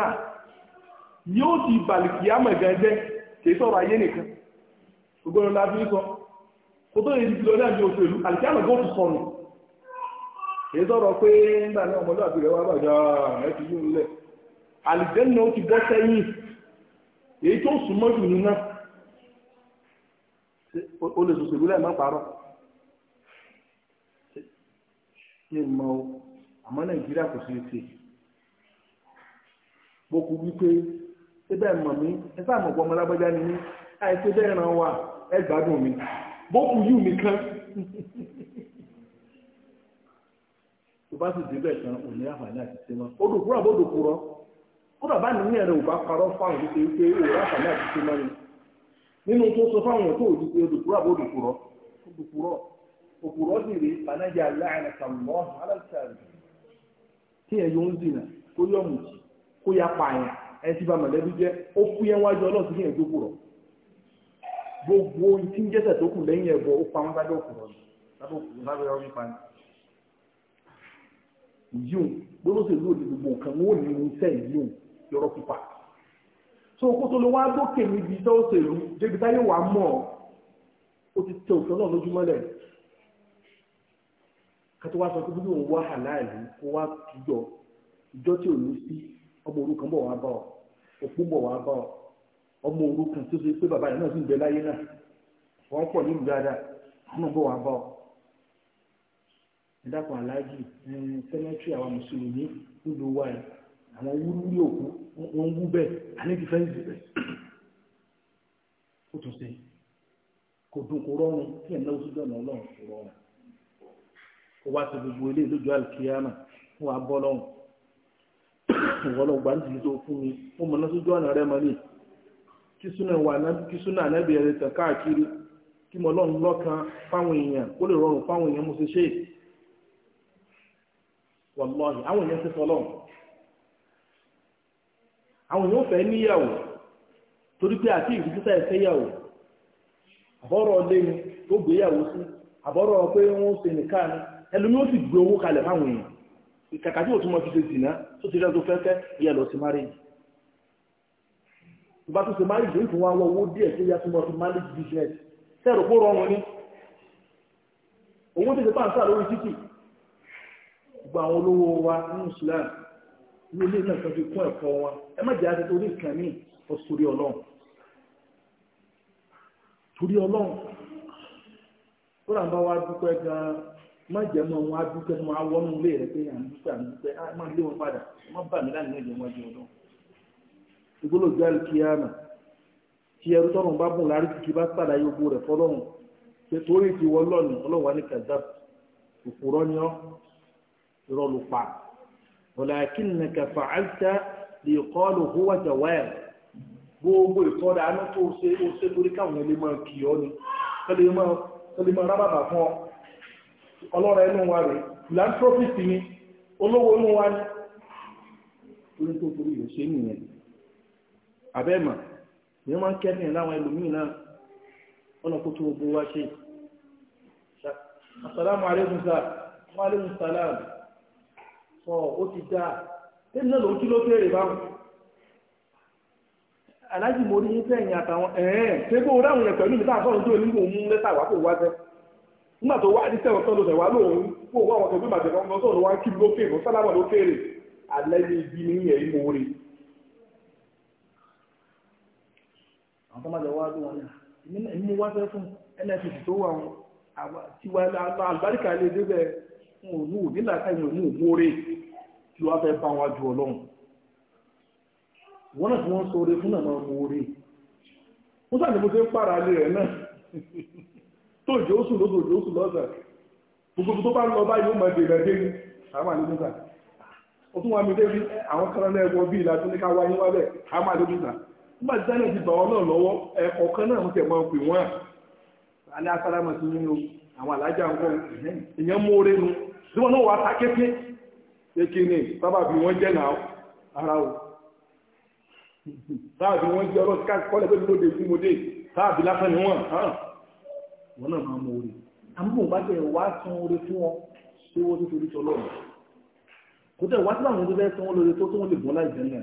Speaker 1: tó yóò ti bàlìkì àmọ̀ gẹ́gẹ́ kìí sọ̀rọ̀ ayé nìkan gbogbo ẹ̀rọ la fi ń sọ kó tó lè di lọ́dọ̀ àjọ òṣèlú àlìkí àmọ̀ gbọ́ tún sọnù kìí sọ̀rọ̀ pé nígbà náà ọmọdé àti rẹ̀ wá bàjá ẹ ti yún lẹ̀ àlìkẹ́ náà ti bọ́ sẹ́yìn èyí tó súnmọ́ jù ní náà o lè sòṣèlú lẹ́ẹ̀ má parọ́ ṣe mọ́ àmọ́ Nàìjíríà kò sí ti gbókú wípé síbẹ̀ mọ̀ mí ẹ sáà mọ̀ pọ̀ ọmọ lágbájá ni mí àìsí bẹ́ẹ̀ ràn wá ẹ gbádùn mi bókù yù mí kan tó bá sì débẹ̀ kan ò ní àǹfààní àti sẹ́mọ́ odòkúrò àbódòkúrọ́ kódà bá nínú ẹ̀rọ ò bá parọ́ fáwọn tó ṣe pé ò ráfàní àti sẹ́mọ́ ni nínú tó sọ fáwọn tó ò di pé odòkúrò àbódòkúrọ́ odòkúrọ́ òkúrọ́ sì rí fanájà láàrin àtàwọn aláìsàn tí ẹ̀yọ́ ń dìnà kó yọ̀ mùtì kó yá pààyàn ẹtí bá mọ̀lẹ́bí jẹ́ ó kú yẹn wájú ọlọ́run sí yẹn gbogbo gbogbo tí ń jẹ́sẹ̀ tó kù lẹ́yìn ẹ̀bọ ó pa wọn lábẹ́ òkú rọ̀ lábẹ́ òkú lábẹ́ ọ̀rọ̀ nípa ni. gbọ́dọ̀ sí gbogbo nǹkan wọn ò ní yọrọ pípa. tó o kó tó lọ wá níbi débi táyé wà á mọ̀ ó ti tẹ náà kátó wá sọ pé bí òun wá àlá ìlú kó òkú bọ̀ wá bá ọ ọmọ òrukàn tó ṣe pé bàbá rẹ̀ náà sì ń bẹ láyé náà wọ́n pọ̀ nílùú dáadáa àánú bọ̀ wá bá ọ. ẹ dákun aláàjì sẹ́mẹ́tì àwa mùsùlùmí nílùú wa yìí àwọn wúlúwúlú òkú wọ́n wú bẹ́ẹ̀ àní ti fẹ́ǹsì bẹ́ẹ̀. ó tún ṣe kò dùn kò rọrùn kí ẹ̀ náà sójú ọ̀nà ọlọ́run kò rọrùn. ó wá ti gbogbo ilé ìlú ìwọ́n lọ gbà ń dìí tó fún mi ó mọ̀ náà sójú ọ̀nà rẹ mọ́ ni kí súnà ànábì rẹ tàn káàkiri kí mo fáwọn èèyàn kó lè rọrùn fáwọn èèyàn mo ṣe ṣe wàlọ́ọ̀hì àwọn èèyàn ti àwọn èèyàn fẹ́ níyàwó torí pé àti ẹ̀fẹ́ yàwó àbọ̀rọ̀ ìkàkàtí òtún mọ́ fi ṣe sìnà tó ti rẹ́ tó fẹ́fẹ́ yẹ lọ sí márìjì tó bá tó ṣe márìjì ó tún wá wọ owó díẹ̀ tó yá tó mọ́ fi márìjì business sẹ́rù kó rọrùn ní owó tó ti pàǹsà lórí títì gbogbo àwọn olówó wa ní Islam ní ilé náà kan fi kún ẹ̀kọ́ wọn ẹ má jẹ́ àti torí nǹkan míì ọ ọlọ́run torí ọlọ́run tó rà ń bá wa dúpẹ́ gan-an má jẹ́ mọ́ wọn á dúpẹ́ mọ́ á wọ́nú ilé rẹ pé à ń dúpẹ́ à ń dúpẹ́ á ah, má lé wọn padà má bà mí láti lẹ́yìn wọn jẹun náà. ìgbólójú àlùkìyàmà tí ẹrú tọrọ bá bùn lárí kìkì bá sàdá yóò rẹ fọlọ́run pé torí ti wọ lọ́ọ̀nù ọlọ́wà ní kazab òpùrọ́ ni ọ́ ìrọ̀lùpà ọ̀làkì nìkan fàáìtà lè kọ́ ló hùwà jàwáyà gbogbo ìtọ́ra àánú tó ṣe ó ṣe torí káwọn ẹlẹ́mọ̀ kì í ni kọ́lé máa rábàbà fún ọ ọlọ́rọ̀ ẹnu wa rẹ̀ philanthropist ni olówó inú wa ni torí tó torí rẹ̀ ṣe nìyẹn abẹ́mà ni wọ́n máa ń kẹ́fìn láwọn ẹlòmíì náà ọ̀nà wa ṣe asalaamu aleykum sa wa salaam sọ ó ti dáa náà lòun kí ló báwọn yín sẹ́yìn àtàwọn ẹ̀ẹ́n ṣé kó o ráhùn yẹn pẹ̀lú mi tó o mú nígbà tó wá ní sẹ́wọ̀n tán ló sẹ̀wá lóhun kó wọ́n àwọn tẹ̀gbẹ́ màjẹ̀ kan sọ̀rọ̀ wá kí ló fèrè sálámà ló fèrè alẹ́ ní ibi ní ẹ̀yìn mo rè. àwọn tó máa jẹ wá lóhun ní ẹ̀mí mo wá fẹ́ fún nfc tó wà wọn tiwa àlùbáríkà lè débẹ̀ ń ò ní òbí làkà ìmọ̀ ní òmóore tí wọ́n fẹ́ bá wọn ju ọlọ́run wọ́n náà tí wọ́n sọ oore fún náà mọ́ oore wọ́n sàlẹ̀ mo ti ń pààrà alẹ́ rẹ̀ náà tó jẹ́ oṣù lóṣù oṣù lọ́sàn gbogbo tó bá lọ báyìí ó mọ̀ dèrè dé ní àwọn àlejòta tún wà mí dé àwọn kan náà ẹ̀wọ̀n bíi ìlàtún ní ká wáyé wálẹ̀ àwọn àlejòta nígbà tí dáná ti bà wọn náà lọ́wọ́ ẹ̀kọ́ kan náà wọ́n tẹ̀ mọ́ pè wọ́n alẹ́ asálámà sí nínú àwọn alájà ń kọ́ ìyẹn móore nu tí wọ́n náà wà ta kéfé kékeré sábà bí wọ́n jẹ́ náà ara o sábà bí wọ́n jẹ́ ọlọ́sí ká wọn náà máa mọ orí àmúbò bá tẹ wá san orí fún ọ pé wọ́n tó torí sọ lọ́wọ́ kò tẹ wá sí àwọn tó fẹ́ san wọn lórí tó tó wọn lè bọ́ láì jẹ́ náà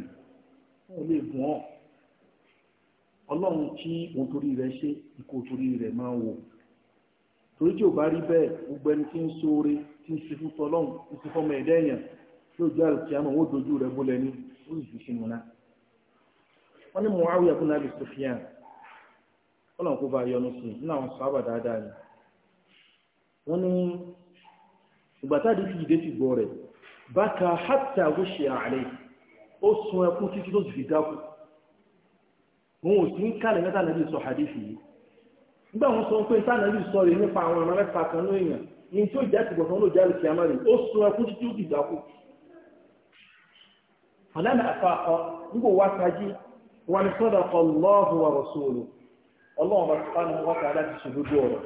Speaker 1: wọn lè bọ́ ọ ọlọ́run tí òun torí rẹ ṣe ikú torí rẹ máa wò torí tí ò bá rí bẹ́ẹ̀ gbogbo ẹni tí ń sóore tí ń sifú tọlọ́hún tí ń sifọ́ ọmọ ẹ̀dá èèyàn yóò jẹ́ àrùn kíámọ̀ wọ́n dojú rẹ bólẹ̀ ní ó sì fi sínú náà wọ́n ní Muawiya ibn Abi Sufyan kọ́nà kó bá yọnu sí nínú àwọn sábà dáadáa ni wọ́n ní ìgbà fi ìdé ti gbọ́ rẹ̀ báka hátà wíṣẹ ààrẹ ó sun ẹkún títí tó fi dákú wọn ò sí ń kálẹ̀ mẹ́ta nàbí sọ hadithi yìí nígbà wọn sọ pé sáà sọ rẹ̀ nípa àwọn ọmọ mẹ́ta kan èèyàn ní tí ó jẹ́ ló jẹ́ ó sun ẹkún títí ọlọ́run bá sánú wọ́n ká láti ṣòdodo ọ̀rọ̀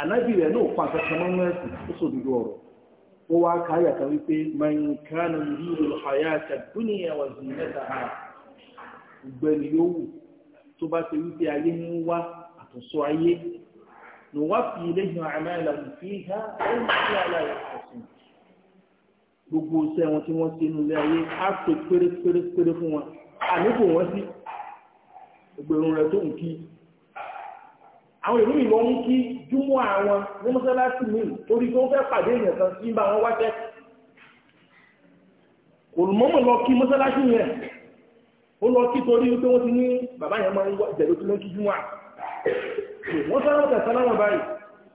Speaker 1: ànábì rẹ̀ náà pa àkàkọ́ mọ́nú ẹ̀sìn ó ṣòdodo ọ̀rọ̀ ó wá káyà kan wípé man kana yuridu al-hayata ad-dunya wa zinataha ìgbẹ́ni yòówù tó bá ti wípé ayé ń wá àtúnṣọ ayé nuwafi ilayhim a'malahum fiha ẹ̀yìn tí aláyọ̀ ọ̀sìn gbogbo iṣẹ́ wọn tí wọ́n ṣe nílé ayé á pè pérépérépéré fún wọn àníkò wọn sí gbèrú rẹ̀ tó ń kí àwọn ìlú ìlọ ń kí júmọ́ àwọn ní mọ́sálásí mi torí tó fẹ́ pàdé èèyàn kan sí bá wọn wáṣẹ́ kò mọ́mọ́ lọ kí mọ́sálásí yẹn ó lọ kí torí pé wọ́n ti ní bàbá yẹn máa ń wá ìjẹ̀lú tí wọ́n kí júmọ́ à wọ́n sáré ọ̀tẹ̀ sáláwọ̀n báyìí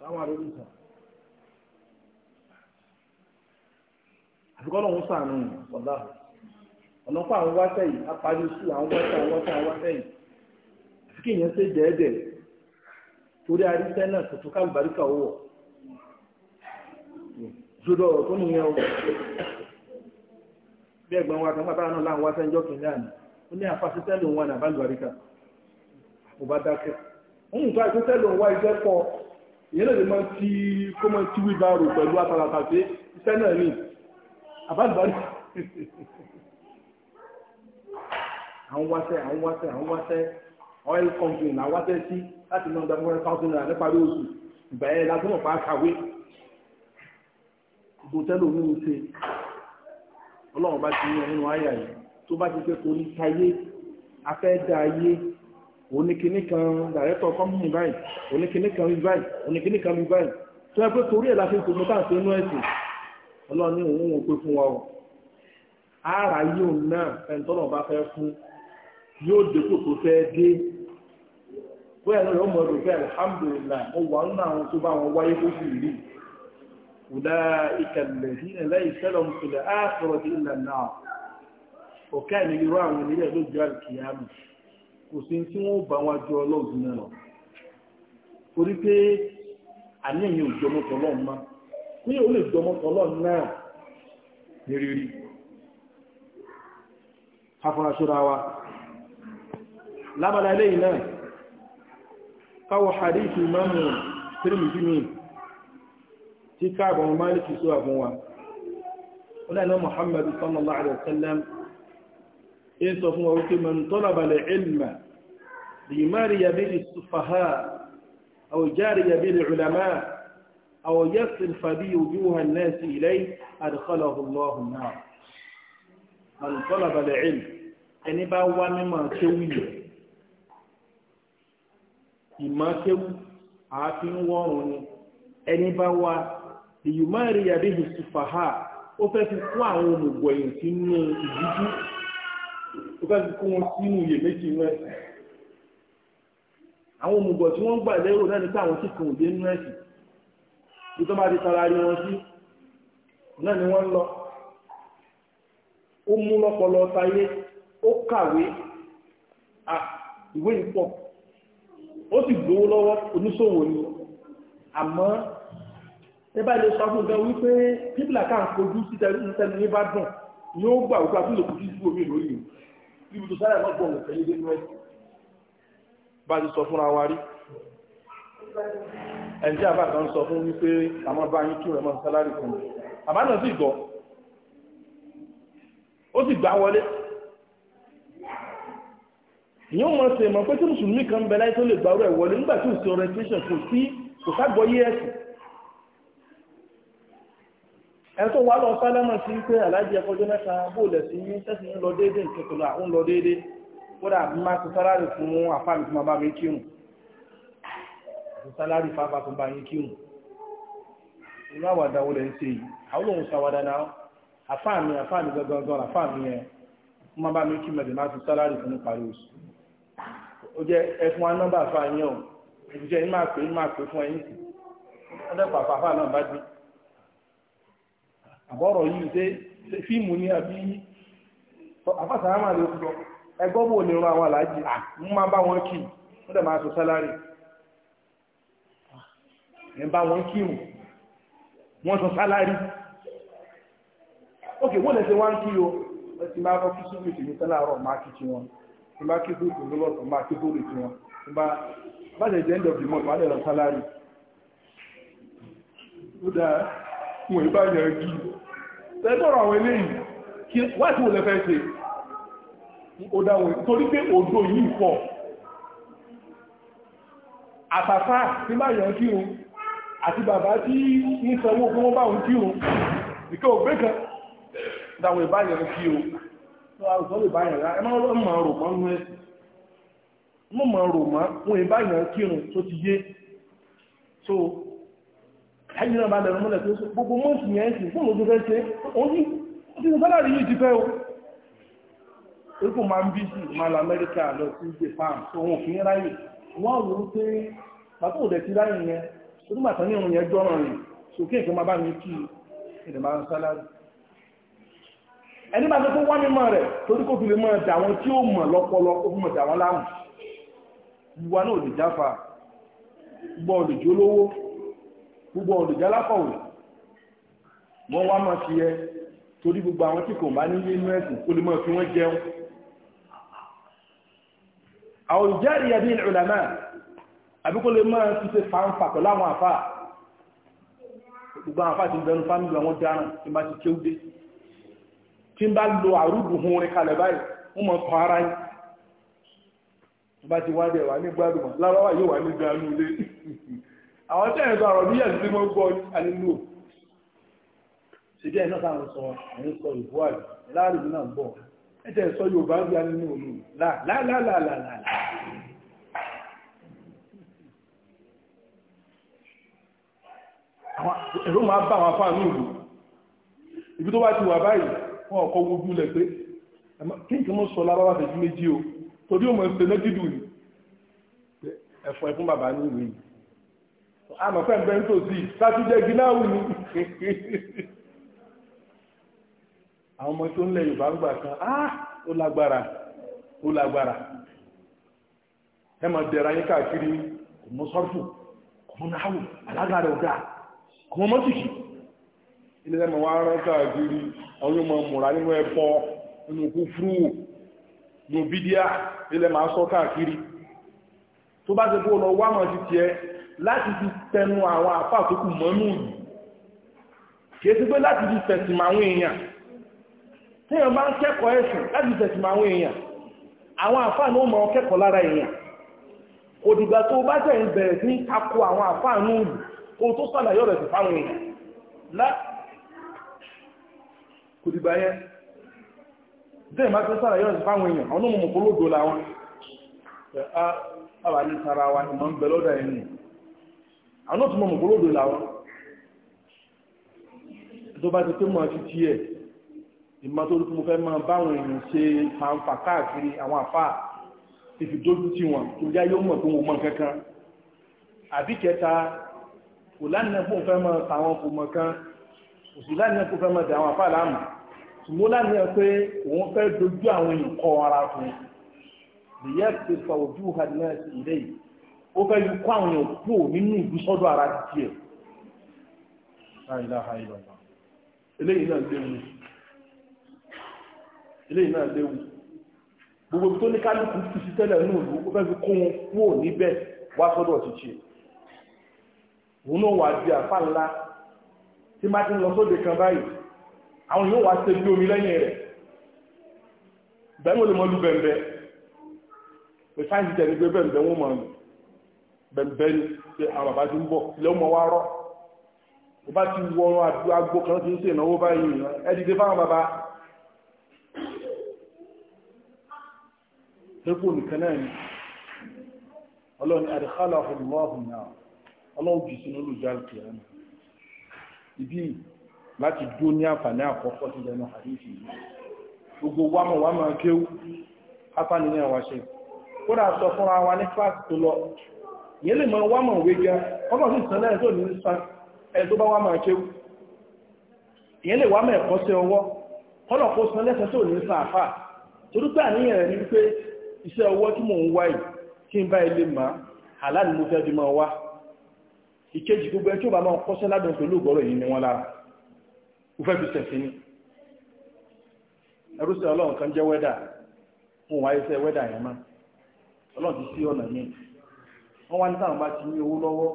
Speaker 1: láwọn àrẹ́lú sàn àfikọ́ lọ́hún sànù ọ̀dà ọ̀nà àwọn wáṣẹ́ yìí apárí sí àwọn wáṣẹ́ àwọn wáṣẹ́ yìí torí arísẹ́ náà tuntun ká àlùbáríkà ó wọ̀ zodo ọ̀rọ̀ tó nìyẹn o bí ẹgbẹ́ wa kan pátá náà láwọn wá sẹ́ńjọ́ kìnìún àná ó ní àfàṣetẹ́ lòun wà ní àbálùbáríkà kò bá dákẹ́ òun tó àìsẹ́tẹ́ lòun wá iṣẹ́ pọ̀ ìyẹn lè máa ti kó máa ti wíbá rò pẹ̀lú àtàlàtà pé iṣẹ́ náà ní àbálùbáríkà àwọn wáṣẹ́ àwọn wáṣẹ́ àwọn wáṣẹ́ oil company là wá tẹ́ sí láti náà gba four thousand naira níparí oṣù ìgbà yẹn la gbọ́dọ̀ pa kàwé gbòtẹ́lì òun ṣe ọlọ́run bá ti yan nínú àyà yìí tó bá ti fẹ́ torí táyé afẹ́ dá ayé oníkíní kan dàrẹ́tọ̀ kọ́mpìnì báyìí oníkíní kan rí báyìí oníkíní kan rí báyìí tó yẹ pé torí ẹ̀ la fi tòun tá à ń ṣe inú ẹ̀sìn ọlọ́run ní òun ò pé fún wa o ara yìí òun náà ẹ̀ńtọ́nà bá fẹ́ fún yóò dépò tó fẹ́ dé bóyá ọmọ ọdún fẹ́ alhamdulilayi ó wà nínú àwọn tó bá wọn wáyé kó sì rí kùdà ìkàlẹ̀ sí ẹlẹ́yìn sẹ́lọ̀ mùsùlẹ̀ á sọ̀rọ̀ sí ilẹ̀ náà ọ̀ká àwọn onílẹ̀ ló àkìyàmù kò sí tí wọ́n bá wọn jọ ọlọ́ọ̀dún náà lọ torí pé àníyàn jọmọ wa lábàlá ilé iná káwọ̀ hadith imamu tirmidhi mi tí káàbọ̀ maliki sọ àfún wa ọlọ́nà muhammadu sallallahu alaihi wasallam in sọ fún wa السفهاء أو جاري به العلماء أو يصرف به وجوه الناس إليه أدخله الله النار من طلب العلم ẹni bá wá mímọ̀ tó ìmọ̀ọ́kéwù àáfi ń wọ́rùn ni ẹni bá wa ìyùmọ̀ èrè yàrá ìhùsùfàhà ó fẹ́ fi kó àwọn olùgbọ̀yìn sínú ìdíjú ó fẹ́ fi kó wọn sínú iyèméjì inú ẹ̀sìn àwọn olùgbọ̀ tí wọ́n gbà lérò náà ní káwọn sì kàn dé inú ẹ̀sìn bí tó bá ti tara rí wọn sí náà ni wọ́n lọ ó mú lọ́pọlọ tayé ó kàwé ìwé ìpọ̀ ó sì gbówó lọ́wọ́ oníṣòwò ni àmọ́ ẹbá ilé ṣọ́gbọ́n gan wípé pípìlà ká ń kojú síta nítẹnu ní bá dùn ni ó gbà wípé àtúnlò kojú sí omi lórí ìlú ibi tó sáré mọ́gbọ̀n òfin ilé nú ẹ̀sìn bá ti sọ fúnra wa rí ẹni tí àbá kan sọ fún wípé àwọn bá yín kí rẹ̀ mọ́ sálárì kan àbá náà sì gbọ́ ó sì gbá wọlé ìyẹn wọn ṣe mọ̀ pé tí mùsùlùmí kan bẹ láyé tó lè gbàrú ẹ̀ wọlé nígbà tí ò sí orientation kò sí kò ságbọ́ yé ẹ̀sìn ẹ tó wà lọ sálámà sí pé aláàjì ẹkọjọ́ mẹ́ta bóòlẹ̀ sí ní sẹ́sìn ń lọ déédéé nǹkan àwọn lọ déédéé kódà máa ti sálárì fún àfáàmì fún bàbá mi kírun àti sálárì fún bàbá fún bá yín kírun inú àwàdà wọlé ń ṣe yìí àwọn òun ṣàwàdà náà àfáàmì àfáàmì gangan àfáàmì yẹn fún bàbá mi kírun ẹ̀dẹ̀ máa ti sálárì fún parí oṣù ó jẹ́ ẹfún wa nọ́mbà fa yín o ìdíjẹ́ yín máa pè yín máa pè fún ẹyìn sí wọ́n dẹ́ pàpà fáà náà bá dé àbọ̀rọ̀ yìí ṣe fíìmù ni àbí àfàsàrà máa lè lọ ẹgbọ́ bò lè ran àwọn aláàjì à ń máa bá wọn kí ó dẹ̀ máa sọ sálárì ẹ̀ ń bá wọn kí wọ́n sọ sálárì ókè wọ́n lẹ́sẹ̀ wá ń kí o wọ́n ti máa fọ́ kí súnmù ìtìmí sálárọ̀ máa kí ti wọn tí bá kí fún ìtòló lọ́sàn máa kí fún ìtì wọn tí bá bá ṣe jẹ́ end of the month máa dẹ̀rọ sálárì ó dáa wọn ì bá yàn kí tẹ́tọ́rọ̀ àwọn eléyìí kí wá sí òun lẹ́fẹ́ ṣe ó dá wọn torí pé òdo yìí pọ̀ àtàtà tí bá yàn kí wọn àti bàbá tí ń sanwó fún wọn bá wọn kí wọn ìkẹ́ òbẹ́ kan dáwọn ìbáyàn kí sọ lè báyàn rà ẹ máa lọ máa rò mọ́ nú ẹ̀sìn mo máa rò mọ́ wọn ìbáyàn kírun tó ti yé so ẹ̀yìn náà bá lẹ́nu mọ́lẹ̀ tó sọ gbogbo mọ́ọ̀sì yẹn sì fún òun tó fẹ́ ṣe o orúkọ máa ń bí sí máa lọ Amẹ́ríkà lọ sí Japan tó wọn fi ń ráyè wọ́n wò ó pé pàtó òdẹ ti ráyè yẹn onígbàtà ní òun yẹn jọ́ràn rẹ̀ sókè ìfẹ́ máa bá mi ẹni bá tó wá mímọ̀ rẹ̀ torí kò fi lè mọ̀ dà wọn tí ó mọ̀ lọ́pọlọ ó fi mọ̀ dà wọn láàmú ìwà náà lè jáfa gbọ́ olùjó lówó gbogbo olùjá lápọ̀wé wọ́n wá máa fi ẹ torí gbogbo àwọn tí kò bá nílé inú ẹ̀sìn ó lè mọ̀ fi wọ́n jẹun àwọn olùjá ìyàbí ìlànà àbí kó lè máa ti ṣe fàǹfà pẹ̀lú àwọn àfà gbogbo àwọn àfà ti bẹnu fámìlì àwọn dáná tí bá ti kéwúdé tí ń bá lo àrùbù hun orin kalẹ̀ báyìí wọ́n mọ̀ kan ara yìí wọ́n bá ti wá dẹ̀ wà ní gbádùn lábáwá yóò wà ní gbádùn lé àwọn tẹ́ ẹ̀sọ́ ọ̀rọ̀ bí yẹ̀sí mọ́ gbọ́ alílò ṣìdí ẹ̀nà sáà ń sọ àwọn sọ ìbú àjò láàrin náà bọ̀ ẹ̀tẹ̀ sọ Yorùbá bí alílò òun láàlálàlàlà ẹ̀rọ máa bá àwọn afáàmì ìlú ibi tó bá ti wà báyìí wọn ọkọ̀ wojú lẹ̀ pé kí nǹkan mọ́ sọ lábáwá tẹ̀jú méjì o torí òun ẹ̀fẹ̀ méjìdù ni ẹ̀fọ́ ẹ̀fún bàbá ní ìwé yìí àmọ́ fẹ́ bẹ́ẹ̀ tó sí sátújẹ́ gíláwù ni àwọn ọmọ tó ń lẹ Yorùbá ń gbà kan á ó lágbára ó lágbára ẹ máa dẹ̀ra yín káàkiri kò mọ sọ́ọ̀fù kò mọ náhàwù alágbára ọ̀gá kò mọ mọ́tìkì ilé ẹ̀ máa wá rán káàkiri àwọn yóò máa múra nínú ẹbọ nínú kúfúrú nínú sọ káàkiri tó bá ti kó lọ wá ti tiẹ̀ láti fi tẹnu àwọn afọ tó kù mọ́nú yìí kìí ti pé láti fi fẹ̀sìn àwọn èèyàn téèyàn bá ń kẹ́kọ̀ọ́ ẹ̀sìn láti àwọn èèyàn àwọn ó mọ kẹ́kọ̀ọ́ lára èèyàn tó bá sí àwọn kó tó sàlàyé kò dìgbà yẹn dẹ́yìn bá tẹ́ sára yọ́n fáwọn èèyàn ọ̀nà mọ̀ kó lóòdó láwọn àwà ní sára wa ìmọ̀ ń bẹ lọ́dọ̀ ẹ̀yìn àwọn tó mọ̀ kó lóòdó láwọn tó bá ti pé mọ̀ sí tí ẹ̀ ìmọ̀ tó rú fẹ́ mọ̀ báwọn èèyàn ṣe fanfà káàkiri àwọn àfà ìfi dójú tí wọn tó yá yóò mọ̀ tó wọn mọ̀ kankan àbí kẹta kò lánàá fún fẹ́ mọ̀ tàwọn kò mọ̀ kan òsì lánàá fún fẹ́ mọ̀ tàwọn àfà láàmù ṣùgbọ́n láti ẹ pé òun fẹ́ dojú àwọn èèyàn kọ ara fún un ìyá ti fa ojú hànà ilé yìí ó fẹ́ yí kó àwọn èèyàn kú nínú ìlú sọ́dọ̀ ara títí ẹ̀ láìláha ìlọ́gbà eléyìí náà léwu eléyìí náà léwu gbogbo tó ní kálukú ti sí tẹ́lẹ̀ nínú ìlú ó fẹ́ fi kó wọn kú níbẹ̀ wá sọ́dọ̀ títí ẹ̀ òun náà wà di àfa ńlá tí má ti ń lọ sóde kan báyìí àwọn yóò wá ṣe bí omi lẹ́yìn rẹ̀ bẹ́ẹ̀ wọ́n lè mọ́ lu bẹ̀m̀bẹ̀ pé sáyẹ̀nsì tẹ̀ ní pé bẹ̀m̀bẹ̀ wọ́n mọ̀ lù bẹ̀m̀bẹ̀ ni pé àwọn bàbá ti ń bọ̀ ilé ọmọ wa rọ̀ ó bá ti wọ ọrùn àgbo kan ti ń ṣe ìnáwó báyìí ẹ dìde fáwọn bàbá dẹ́kun nìkan náà ni ọlọ́run àdìkálà ọ̀hún mọ́ ọ̀hún náà ọlọ́run jù sínú olùjá ìkìlá ìbí láti dúró ní àǹfààní àkọ́kọ́ tó lẹ́nu àdífì yìí gbogbo wámọ̀ wámọ̀ kéwú hápá nínú ẹ̀wà ṣe kódà sọ fún wa ní kíláàsì tó lọ ìyẹn lè mọ wámọ̀ òwe gan ọmọ sí ìsànlẹ̀ ẹ̀ tó ní sàn ẹ̀ tó bá wámọ̀ kéwú ìyẹn lè wámọ̀ ẹ̀kọ́ sí ọwọ́ kọ́nà kó san lẹ́sẹ̀ tó ní sàn àfà torí pé àníyàn rẹ̀ ni pé iṣẹ́ ọwọ́ tí mò ń wá yìí kí n bá ilé mà àlá ni mo fẹ́ bí mọ́ wá ìkejì gbogbo ẹ̀ tó bá máa kọ́ṣẹ́ ládùn pẹ̀lú ìgbọ́rọ̀ yìí ni wọ́n lára ó fẹ́ fi tẹ̀sí ni ẹrúsẹ̀ ọlọ́run kan jẹ́ wẹ́dà fún wáyé sẹ́ wẹ́dà yẹn mọ́ ọlọ́run ti sí ọ̀nà míì wọ́n wá ní táwọn bá ti ní owó lọ́wọ́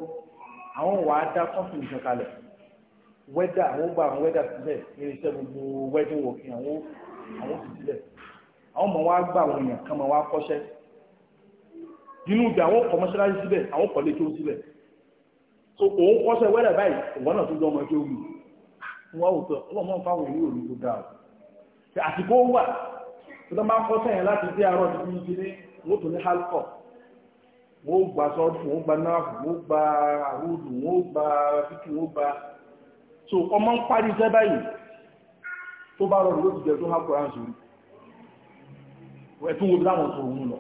Speaker 1: àwọn wà á dá kọ́mpìnì kan kalẹ̀ wẹ́dà àwọn gba àwọn wẹ́dà sílẹ̀ irinṣẹ́ gbogbo wedding work àwọn àwọn sì sílẹ̀ àwọn ọmọ wa gba àwọn èèyàn kan mọ̀ wá kọ́ṣẹ́ nínú ibi àwọn ọkọ̀ mọ́ṣáláṣí síbẹ̀ àwọn kọ̀lé tó síbẹ̀ so òun kọ́ṣẹ́ wẹ́dà báyìí ìwọ náà tó jọ ọmọ ẹgbẹ́ òmìnir wọ́n wò pé ọlọ́mọ fáwọn ìlú òní tó dáa ṣe àsìkò wà tó tó máa ń kọ́sẹ̀ yẹn láti dé àárọ̀ títí ní kíní wọ́n tó ní halkọ̀ wọ́n gba sọ́ọ̀tù wọ́n gba náàfù wọ́n gba àrùdù wọ́n gba fífi wọ́n gba so ọmọ ń parí iṣẹ́ báyìí tó bá rọrùn ló ti jẹ tó halkọ̀ rán sórí ẹ̀tún wo láwọn tó òun lọ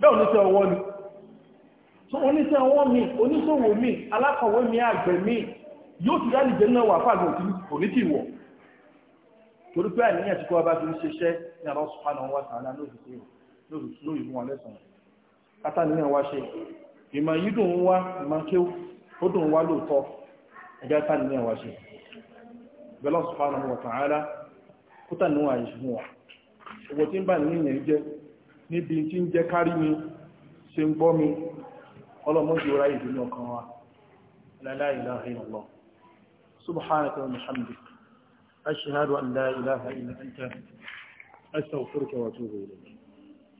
Speaker 1: bẹ́ẹ̀ oníṣẹ́ ọwọ́ ni so oníṣẹ́ ọwọ́ mi oníṣòwò mi alákọ̀wé mi àgbẹ̀ mi yóò ti rálì jẹ́ náà wà fáàgbé òtí kò ní tì a torí pé àìníyàn tí kò wá bá fi ń ṣiṣẹ́ ní àbá subhanahu wa ta'ala lóòrì sí lóòrì fún wa lẹ́sàn-án látàníyàn wá ṣe ìmọ̀ yìí dùn wá ìmọ̀ ó dùn wa ta'ala kó tàníyàn wá fún wa owó tí ń jẹ níbi tí ń jẹ kárí mi ṣe ń gbọ́ mi ọlọ́mọdé ọ̀rá سبحانك وبحمدك أشهد أن لا إله إلا أنت أستغفرك وأتوب إليك